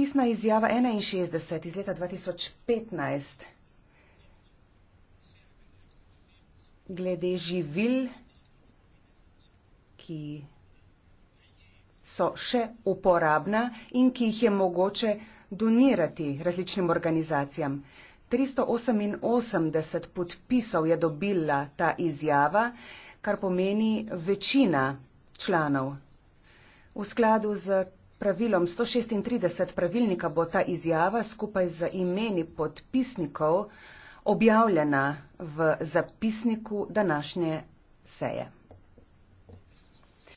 Pisna izjava 61 iz leta 2015 glede živil, ki so še uporabna in ki jih je mogoče donirati različnim organizacijam. 388 podpisov je dobila ta izjava, kar pomeni večina članov. V skladu z pravilom 136 pravilnika bo ta izjava skupaj z imeni podpisnikov objavljena v zapisniku današnje seje.